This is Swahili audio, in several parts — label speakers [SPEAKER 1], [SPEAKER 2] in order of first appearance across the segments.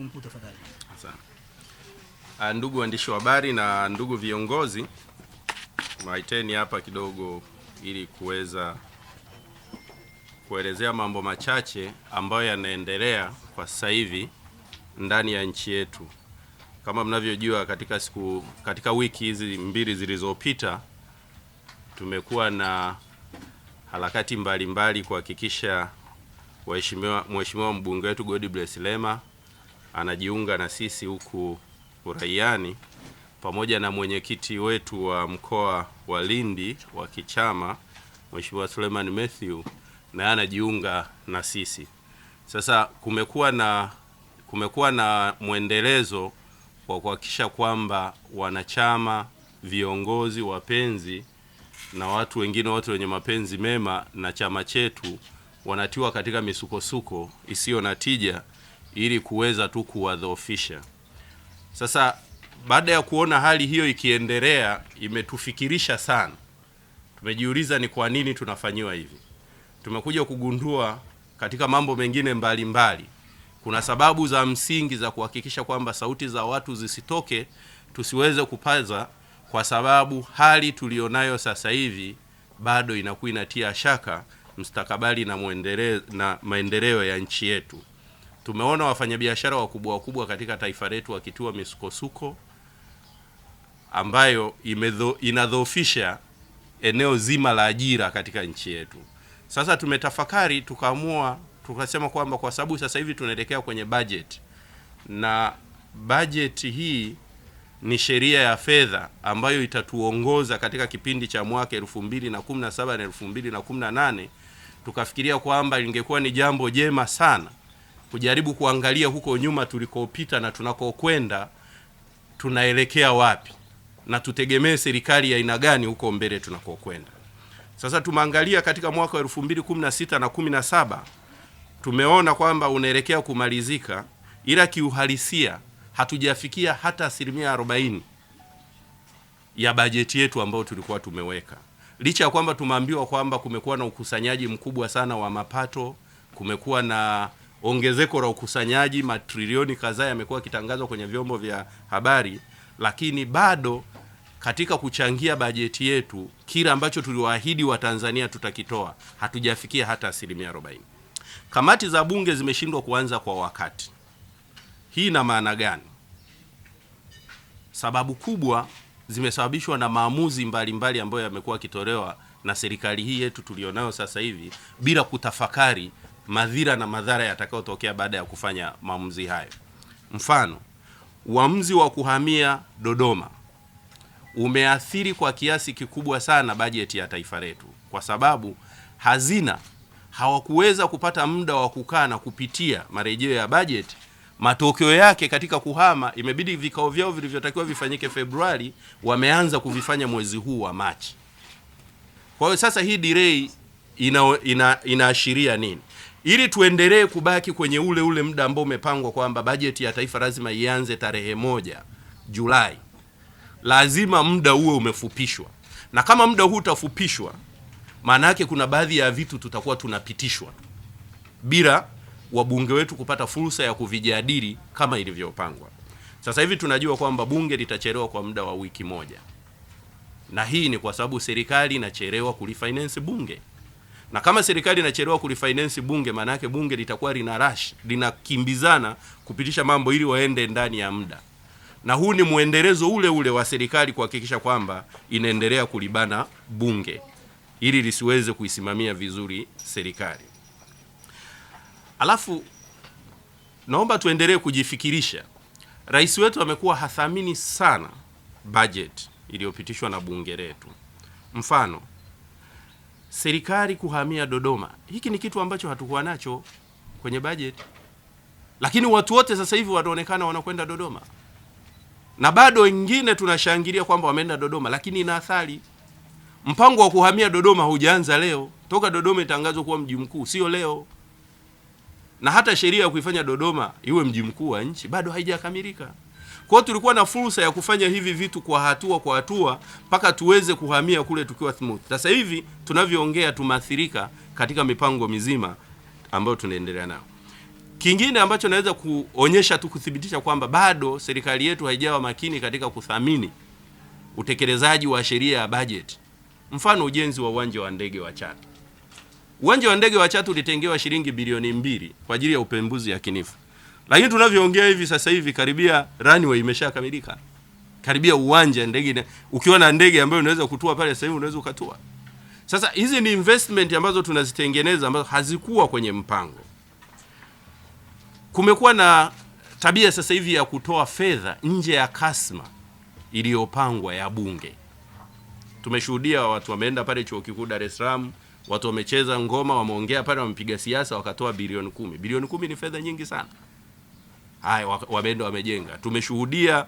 [SPEAKER 1] Mungu tafadhali. Asante. Ah, ndugu waandishi wa habari na ndugu viongozi, maiteni hapa kidogo ili kuweza kuelezea mambo machache ambayo yanaendelea kwa sasa hivi ndani ya nchi yetu. Kama mnavyojua, katika siku katika wiki hizi mbili zilizopita tumekuwa na harakati mbalimbali kuhakikisha waheshimiwa mheshimiwa mbunge wetu bless Lema anajiunga na sisi huku uraiani pamoja na mwenyekiti wetu wa mkoa wa Lindi wa kichama Mheshimiwa Suleiman Mathew na anajiunga na sisi. Sasa kumekuwa na kumekuwa na mwendelezo wa kuhakikisha kwamba wanachama, viongozi, wapenzi na watu wengine wote wenye mapenzi mema na chama chetu wanatiwa katika misukosuko isiyo na tija ili kuweza tu kuwadhoofisha. Sasa baada ya kuona hali hiyo ikiendelea, imetufikirisha sana. Tumejiuliza ni kwa nini tunafanyiwa hivi. Tumekuja kugundua katika mambo mengine mbalimbali mbali. Kuna sababu za msingi za kuhakikisha kwamba sauti za watu zisitoke, tusiweze kupaza, kwa sababu hali tulionayo sasa hivi bado inakuwa inatia shaka mstakabali na, na maendeleo ya nchi yetu. Tumeona wafanyabiashara wakubwa wakubwa katika taifa letu wakitua misukosuko ambayo imedho, inadhoofisha eneo zima la ajira katika nchi yetu. Sasa tumetafakari tukaamua tukasema kwamba kwa sababu sasa hivi tunaelekea kwenye bajeti na bajeti hii ni sheria ya fedha ambayo itatuongoza katika kipindi cha mwaka 2017 na 2018, tukafikiria kwamba ingekuwa ni jambo jema sana kujaribu kuangalia huko nyuma tulikopita na tunakokwenda, tunaelekea wapi na tutegemee serikali ya aina gani huko mbele tunakokwenda. Sasa tumeangalia katika mwaka wa 2016 na 17 tumeona kwamba unaelekea kumalizika, ila kiuhalisia hatujafikia hata asilimia 40 ya bajeti yetu ambayo tulikuwa tumeweka, licha ya kwamba tumeambiwa kwamba kumekuwa na ukusanyaji mkubwa sana wa mapato, kumekuwa na ongezeko la ukusanyaji, matrilioni kadhaa yamekuwa yakitangazwa kwenye vyombo vya habari, lakini bado katika kuchangia bajeti yetu kile ambacho tuliwaahidi Watanzania tutakitoa hatujafikia hata asilimia 40. Kamati za bunge zimeshindwa kuanza kwa wakati. Hii ina maana gani? Sababu kubwa zimesababishwa na maamuzi mbalimbali ambayo yamekuwa yakitolewa na serikali hii yetu tulionayo sasa hivi bila kutafakari madhira na madhara yatakayotokea baada ya kufanya maamuzi hayo. Mfano, uamuzi wa kuhamia Dodoma umeathiri kwa kiasi kikubwa sana bajeti ya taifa letu, kwa sababu hazina hawakuweza kupata muda wa kukaa na kupitia marejeo ya bajeti. Matokeo yake katika kuhama, imebidi vikao vyao vilivyotakiwa vifanyike Februari wameanza kuvifanya mwezi huu wa Machi. Kwa hiyo sasa hii delay inaashiria ina, ina nini? ili tuendelee kubaki kwenye ule ule muda ambao umepangwa kwamba bajeti ya taifa lazima ianze tarehe moja Julai, lazima muda huo umefupishwa, na kama muda huu utafupishwa, maana yake kuna baadhi ya vitu tutakuwa tunapitishwa bila wabunge wetu kupata fursa ya kuvijadili kama ilivyopangwa. Sasa hivi tunajua kwamba bunge litachelewa kwa muda wa wiki moja, na hii ni kwa sababu serikali inachelewa kulifinance bunge na kama serikali inachelewa kulifinance bunge, maana yake bunge litakuwa lina rush, linakimbizana kupitisha mambo ili waende ndani ya muda, na huu ni mwendelezo ule ule wa serikali kuhakikisha kwamba inaendelea kulibana bunge ili lisiweze kuisimamia vizuri serikali. Alafu naomba tuendelee kujifikirisha. Rais wetu amekuwa hathamini sana budget iliyopitishwa na bunge letu. Mfano, serikali kuhamia Dodoma. Hiki ni kitu ambacho hatukuwa nacho kwenye bajeti, lakini watu wote sasa hivi wanaonekana wanakwenda Dodoma, na bado wengine tunashangilia kwamba wameenda Dodoma, lakini ina athari. Mpango wa kuhamia Dodoma hujaanza leo, toka Dodoma itangazwa kuwa mji mkuu, sio leo, na hata sheria ya kuifanya Dodoma iwe mji mkuu wa nchi bado haijakamilika. Kwa hiyo tulikuwa na fursa ya kufanya hivi vitu kwa hatua kwa hatua mpaka tuweze kuhamia kule tukiwa smooth. Sasa hivi tunavyoongea tumathirika katika mipango mizima ambayo tunaendelea nayo. Kingine ambacho naweza kuonyesha tu kuthibitisha kwamba bado serikali yetu haijawa makini katika kuthamini utekelezaji wa sheria ya bajeti. Mfano, ujenzi wa uwanja wa ndege wa Chato. Uwanja wa ndege wa Chato ulitengewa shilingi bilioni mbili kwa ajili ya upembuzi yakinifu. Lakini tunavyoongea hivi sasa hivi karibia runway imeshakamilika. Karibia uwanja ndege, ukiwa na ndege ambayo unaweza kutua pale sasa hivi unaweza ukatua. Sasa hizi ni investment ambazo tunazitengeneza ambazo hazikuwa kwenye mpango. Kumekuwa na tabia sasa hivi ya kutoa fedha nje ya kasma iliyopangwa ya Bunge. Tumeshuhudia watu wameenda pale chuo kikuu Dar es Salaam, watu wamecheza ngoma, wameongea pale, wamepiga siasa, wakatoa bilioni kumi. Bilioni kumi ni fedha nyingi sana haya wabendo wamejenga. Tumeshuhudia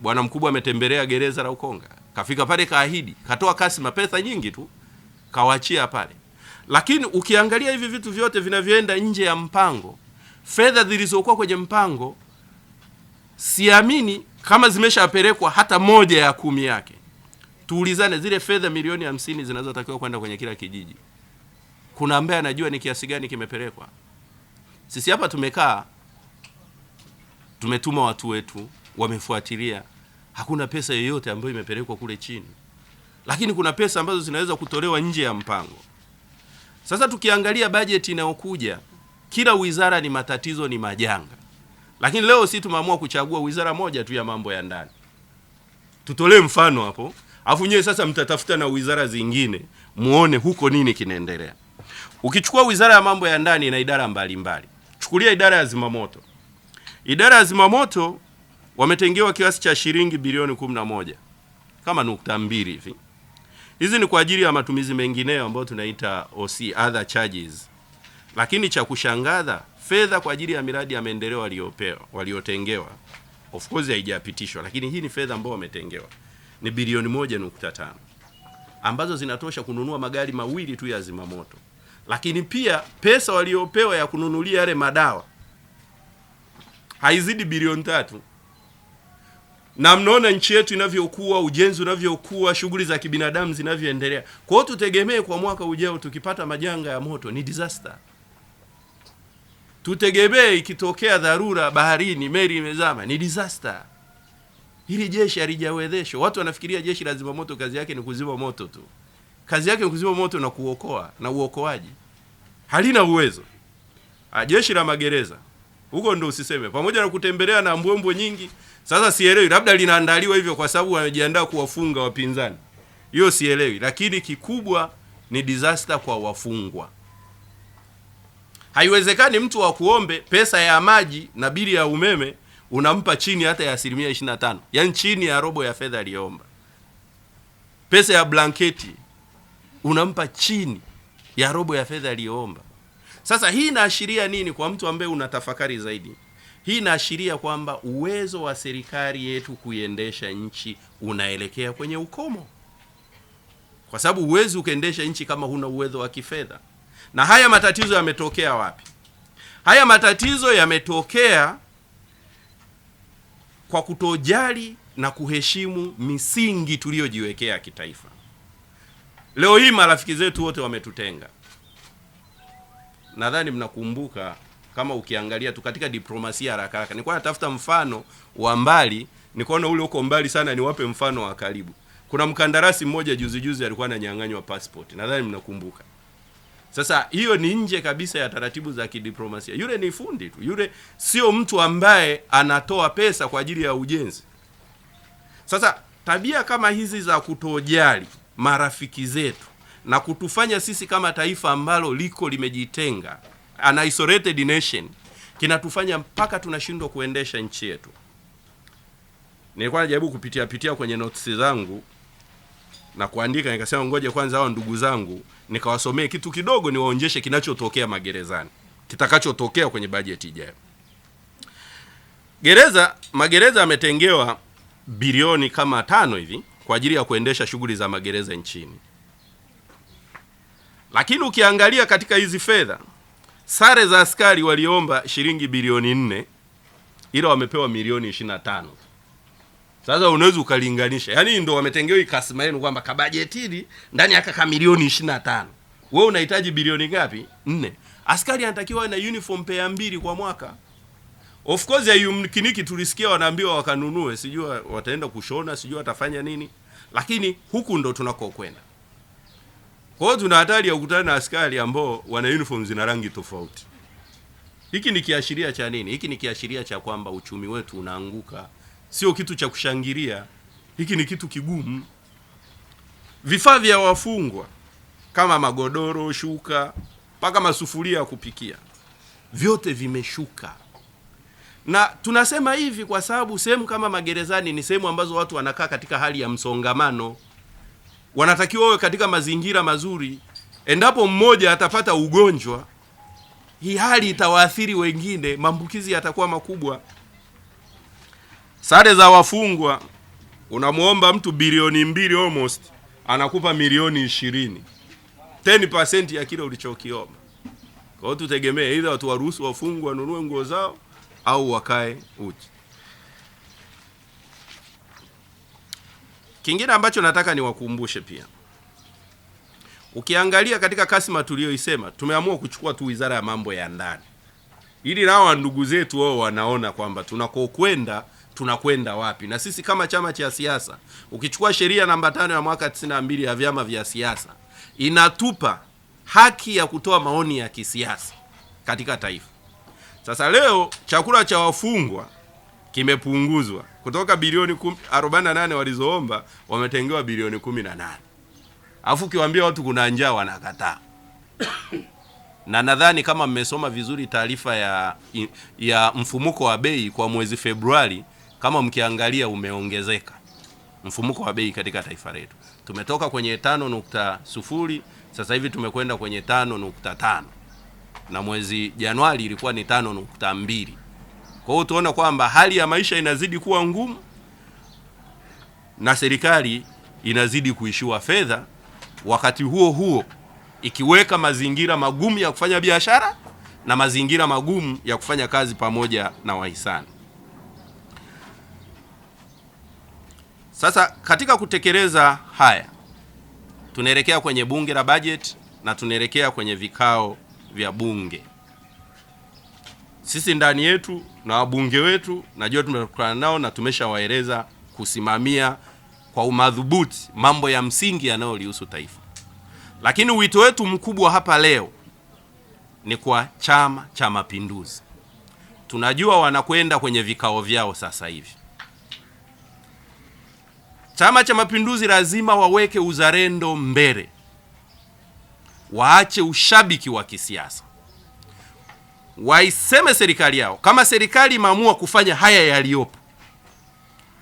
[SPEAKER 1] bwana mkubwa ametembelea gereza la Ukonga, kafika pale, kaahidi, katoa kasima, pesa nyingi tu kawachia pale. Lakini ukiangalia hivi vitu vyote vinavyoenda nje ya mpango, fedha zilizokuwa kwenye mpango, siamini kama zimeshapelekwa hata moja ya kumi yake. Tuulizane, zile fedha milioni hamsini zinazotakiwa kwenda kwenye kila kijiji, kuna ambaye anajua ni kiasi gani kimepelekwa? Sisi hapa tumekaa tumetuma watu wetu wamefuatilia, hakuna pesa yoyote ambayo imepelekwa kule chini, lakini kuna pesa ambazo zinaweza kutolewa nje ya mpango. Sasa tukiangalia bajeti inayokuja, kila wizara ni matatizo, ni majanga, lakini leo si tumeamua kuchagua wizara moja tu ya mambo ya ndani. Tutolee mfano hapo, afu nyewe sasa mtatafuta na wizara zingine muone huko nini kinaendelea. Ukichukua wizara ya mambo ya ndani na idara mbalimbali mbali. Chukulia idara ya zimamoto Idara ya zimamoto wametengewa kiasi cha shilingi bilioni 11 kama nukta mbili hivi. Hizi ni kwa ajili ya matumizi mengineyo ambayo tunaita OC other charges, lakini cha kushangaza fedha kwa ajili ya miradi ya maendeleo waliopewa waliotengewa, of course haijapitishwa, lakini hii ni fedha ambayo wametengewa ni bilioni 1.5 ambazo zinatosha kununua magari mawili tu ya zimamoto, lakini pia pesa waliopewa ya kununulia yale madawa haizidi bilioni tatu na mnaona nchi yetu inavyokuwa, ujenzi unavyokuwa, shughuli za kibinadamu zinavyoendelea. Kwa hiyo tutegemee kwa mwaka ujao tukipata majanga ya moto ni disaster. Tutegemee ikitokea dharura baharini, meli imezama, ni disaster. Hili jeshi halijawezeshwa. Watu wanafikiria jeshi la zimamoto kazi yake ni kuzima moto tu, kazi yake ni kuzima moto na kuokoa na uokoaji, halina uwezo. Ah, jeshi la magereza huko ndo usiseme, pamoja na kutembelea na mbwembwe nyingi. Sasa sielewi, labda linaandaliwa hivyo kwa sababu wamejiandaa kuwafunga wapinzani, hiyo sielewi, lakini kikubwa ni disaster kwa wafungwa. Haiwezekani mtu wa kuombe pesa ya maji na bili ya umeme unampa chini hata ya asilimia 25, yaani chini ya robo ya fedha aliyoomba. Pesa ya blanketi unampa chini ya robo ya fedha aliyoomba. Sasa hii inaashiria nini kwa mtu ambaye unatafakari zaidi? Hii inaashiria kwamba uwezo wa serikali yetu kuiendesha nchi unaelekea kwenye ukomo, kwa sababu huwezi ukaendesha nchi kama huna uwezo wa kifedha. Na haya matatizo yametokea wapi? Haya matatizo yametokea kwa kutojali na kuheshimu misingi tuliyojiwekea kitaifa. Leo hii marafiki zetu wote wametutenga nadhani mnakumbuka kama ukiangalia tu katika diplomasia haraka haraka, nilikuwa natafuta mfano wa mbali, nikaona ule uko mbali sana, niwape mfano wa karibu. Kuna mkandarasi mmoja juzi juzi alikuwa ananyang'anywa passport, nadhani mnakumbuka. Sasa hiyo ni nje kabisa ya taratibu za kidiplomasia. Yule ni fundi tu, yule sio mtu ambaye anatoa pesa kwa ajili ya ujenzi. Sasa tabia kama hizi za kutojali marafiki zetu na kutufanya sisi kama taifa ambalo liko limejitenga, an isolated nation, kinatufanya mpaka tunashindwa kuendesha nchi yetu. Nilikuwa najaribu kupitia pitia kwenye notes zangu na kuandika, nikasema ngoje kwanza hao ndugu zangu nikawasomee kitu kidogo, niwaonjeshe kinachotokea magerezani, kitakachotokea kwenye bajeti ijayo. Gereza magereza yametengewa bilioni kama tano hivi kwa ajili ya kuendesha shughuli za magereza nchini. Lakini ukiangalia katika hizi fedha, sare za askari waliomba shilingi bilioni nne ila wamepewa milioni 25. Sasa unaweza ukalinganisha, yaani ndo wametengewa hii kasma yenu kwamba kabajetili ndani yaka ka milioni 25. wewe unahitaji bilioni ngapi? Nne. Askari anatakiwa na uniform pair mbili kwa mwaka. Of course hayumkiniki, tulisikia wanaambiwa wakanunue, sijua wataenda kushona, sijua watafanya nini, lakini huku ndo tunako kwenda. Kwa hiyo tuna hatari ya kukutana na askari ambao wana uniform zina rangi tofauti. Hiki ni kiashiria cha nini? Hiki ni kiashiria cha kwamba uchumi wetu unaanguka, sio kitu cha kushangilia. Hiki ni kitu kigumu. Vifaa vya wafungwa kama magodoro, shuka, mpaka masufuria ya kupikia, vyote vimeshuka, na tunasema hivi kwa sababu sehemu kama magerezani ni sehemu ambazo watu wanakaa katika hali ya msongamano wanatakiwa wawe katika mazingira mazuri. Endapo mmoja atapata ugonjwa, hii hali itawaathiri wengine, maambukizi yatakuwa makubwa. Sare za wafungwa, unamwomba mtu bilioni mbili almost anakupa milioni ishirini, 10% ya kile ulichokiomba. Kwa hiyo tutegemee, aidha watu waruhusu wafungwa wanunue nguo zao au wakae uchi. Kingine ambacho nataka niwakumbushe pia, ukiangalia katika kasma tuliyoisema, tumeamua kuchukua tu wizara ya mambo ya ndani, ili nao ndugu zetu wao wanaona kwamba tunakokwenda tunakwenda wapi, na sisi kama chama cha siasa. Ukichukua sheria namba tano ya mwaka 92 ya vyama vya siasa inatupa haki ya kutoa maoni ya kisiasa katika taifa. Sasa leo chakula cha wafungwa kimepunguzwa kutoka bilioni 48 walizoomba wametengewa bilioni 18. Alafu ukiwaambia watu kuna njaa wanakataa. na nadhani kama mmesoma vizuri taarifa ya ya mfumuko wa bei kwa mwezi Februari, kama mkiangalia umeongezeka mfumuko wa bei katika taifa letu. Tumetoka kwenye tano nukta sufuri sasa hivi tumekwenda kwenye tano nukta tano na mwezi Januari ilikuwa ni tano nukta mbili. Kwa hiyo tuona kwamba hali ya maisha inazidi kuwa ngumu na serikali inazidi kuishiwa fedha, wakati huo huo ikiweka mazingira magumu ya kufanya biashara na mazingira magumu ya kufanya kazi pamoja na wahisani. Sasa katika kutekeleza haya, tunaelekea kwenye bunge la bajeti na tunaelekea kwenye vikao vya bunge sisi ndani yetu na wabunge wetu, najua tumekutana nao na tumeshawaeleza kusimamia kwa umadhubuti mambo ya msingi yanayolihusu taifa, lakini wito wetu mkubwa hapa leo ni kwa Chama cha Mapinduzi. Tunajua wanakwenda kwenye vikao vyao sasa hivi. Chama cha Mapinduzi lazima waweke uzalendo mbele, waache ushabiki wa kisiasa waiseme serikali yao. Kama serikali imeamua kufanya haya yaliyopo,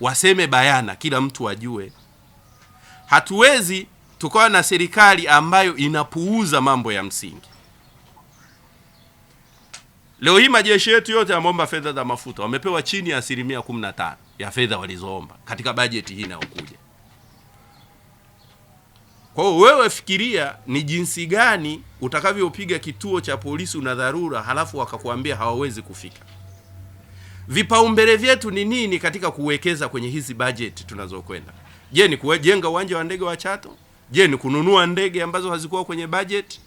[SPEAKER 1] waseme bayana, kila mtu ajue. Hatuwezi tukawa na serikali ambayo inapuuza mambo ya msingi. Leo hii majeshi yetu yote yameomba fedha za mafuta, wamepewa chini ya asilimia 15 ya fedha walizoomba katika bajeti hii inayokuja. Kwa hiyo wewe fikiria ni jinsi gani utakavyopiga kituo cha polisi una dharura, halafu wakakuambia hawawezi kufika. Vipaumbele vyetu ni nini katika kuwekeza kwenye hizi bajeti tunazokwenda? Je, ni kujenga uwanja wa ndege wa Chato? Je, ni kununua ndege ambazo hazikuwa kwenye bajeti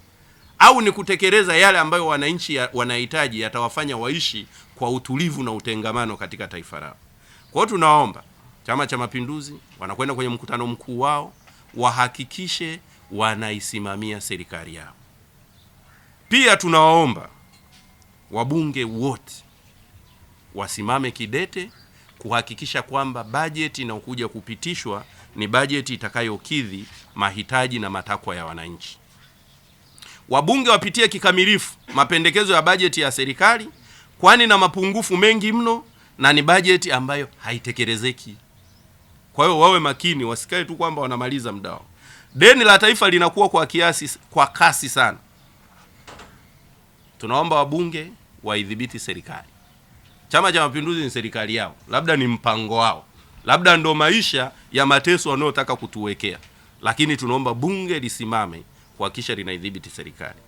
[SPEAKER 1] au ni kutekeleza yale ambayo wananchi ya, wanahitaji yatawafanya waishi kwa utulivu na utengamano katika taifa lao. Kwa hiyo tunaomba Chama cha Mapinduzi wanakwenda kwenye mkutano mkuu wao wahakikishe wanaisimamia serikali yao. Pia tunawaomba wabunge wote wasimame kidete kuhakikisha kwamba bajeti inayokuja kupitishwa ni bajeti itakayokidhi mahitaji na matakwa ya wananchi. Wabunge wapitie kikamilifu mapendekezo ya bajeti ya serikali, kwani na mapungufu mengi mno na ni bajeti ambayo haitekelezeki. Kwa hiyo wawe makini, wasikae tu kwamba wanamaliza muda wao. Deni la taifa linakuwa kwa kiasi, kwa kasi sana. Tunaomba wabunge waidhibiti serikali. Chama cha Mapinduzi ni serikali yao, labda ni mpango wao, labda ndo maisha ya mateso wanayotaka kutuwekea, lakini tunaomba bunge lisimame kuhakikisha linaidhibiti serikali,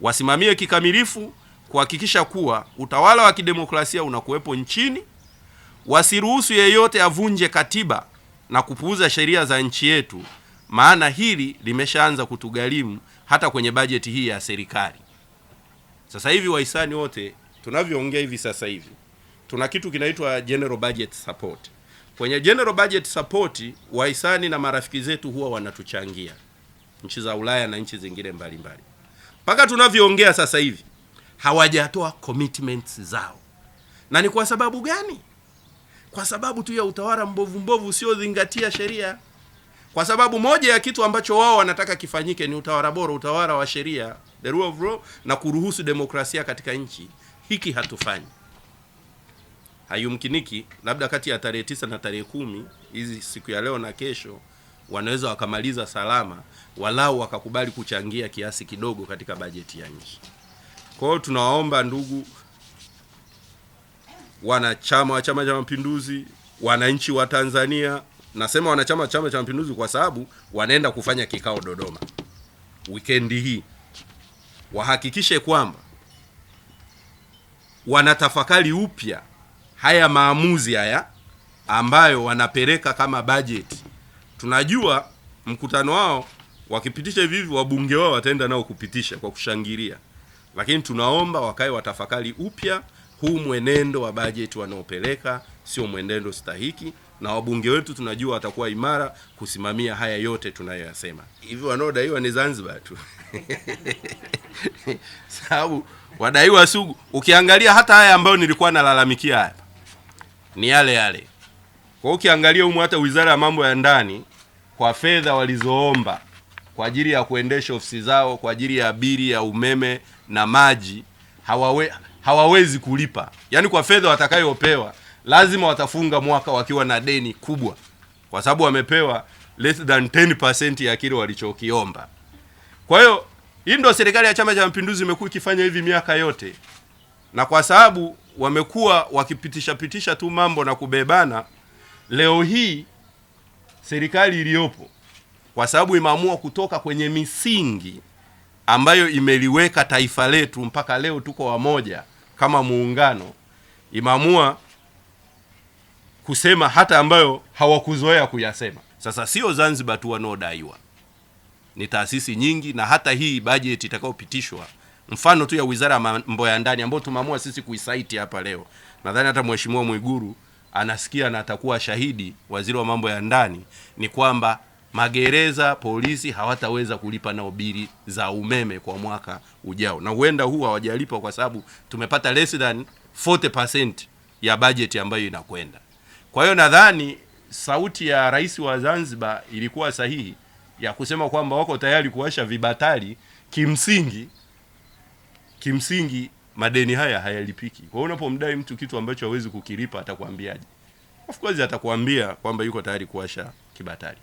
[SPEAKER 1] wasimamie kikamilifu kuhakikisha kuwa utawala wa kidemokrasia unakuwepo nchini wasiruhusu yeyote avunje katiba na kupuuza sheria za nchi yetu, maana hili limeshaanza kutugharimu hata kwenye bajeti hii ya serikali. Sasa hivi wahisani wote tunavyoongea hivi sasa hivi tuna kitu kinaitwa general budget support. Kwenye general budget support wahisani na marafiki zetu huwa wanatuchangia nchi za Ulaya na nchi zingine mbalimbali. Mpaka tunavyoongea sasa hivi hawajatoa commitments zao, na ni kwa sababu gani? kwa sababu tu ya utawala mbovu mbovu usiozingatia sheria, kwa sababu moja ya kitu ambacho wao wanataka kifanyike ni utawala bora, utawala wa sheria, the rule of law, na kuruhusu demokrasia katika nchi. Hiki hatufanyi, hayumkiniki. Labda kati ya tarehe tisa na tarehe kumi hizi siku ya leo na kesho wanaweza wakamaliza salama, walau wakakubali kuchangia kiasi kidogo katika bajeti ya nchi. Kwa hiyo tunawaomba ndugu wanachama wa Chama cha Mapinduzi, wananchi wa Tanzania. Nasema wanachama wa Chama cha Mapinduzi kwa sababu wanaenda kufanya kikao Dodoma wikendi hii, wahakikishe kwamba wanatafakari upya haya maamuzi haya ambayo wanapeleka kama bajeti. Tunajua mkutano wao wakipitisha hivi wabunge wao wataenda nao kupitisha kwa kushangilia, lakini tunaomba wakae watafakari upya huu mwenendo wa bajeti wanaopeleka sio mwenendo stahiki, na wabunge wetu tunajua watakuwa imara kusimamia haya yote tunayoyasema. Hivi wanaodaiwa ni Zanzibar tu sababu wadaiwa sugu, ukiangalia hata haya ambayo nilikuwa nalalamikia hapa ni yale yale. Kwa ukiangalia humu hata wizara ya mambo ya ndani kwa fedha walizoomba kwa ajili ya kuendesha ofisi zao kwa ajili ya bili ya umeme na maji hawawe hawawezi kulipa, yaani kwa fedha watakayopewa lazima watafunga mwaka wakiwa na deni kubwa, kwa sababu wamepewa less than 10% ya kile walichokiomba. Kwa hiyo hii ndio serikali ya Chama cha Mapinduzi imekuwa ikifanya hivi miaka yote, na kwa sababu wamekuwa wakipitisha pitisha tu mambo na kubebana, leo hii serikali iliyopo, kwa sababu imeamua kutoka kwenye misingi ambayo imeliweka taifa letu mpaka leo tuko wamoja kama muungano, imeamua kusema hata ambayo hawakuzoea kuyasema. Sasa sio Zanzibar tu wanaodaiwa, ni taasisi nyingi, na hata hii bajeti itakayopitishwa mfano tu ya wizara ya mambo ya ndani ambayo tumeamua sisi kuisaiti hapa leo. Nadhani hata mheshimiwa Mwiguru anasikia na atakuwa shahidi, waziri wa mambo ya ndani, ni kwamba magereza, polisi hawataweza kulipa nao bili za umeme kwa mwaka ujao, na huenda huu hawajalipa kwa sababu tumepata less than 40% ya bajeti ambayo inakwenda. Kwa hiyo nadhani sauti ya rais wa Zanzibar ilikuwa sahihi ya kusema kwamba wako tayari kuwasha vibatari. Kimsingi, kimsingi madeni haya hayalipiki. Kwa hiyo unapomdai mtu kitu ambacho hawezi kukilipa, atakwambiaje? Of course atakwambia kwamba yuko tayari kuwasha kibatari.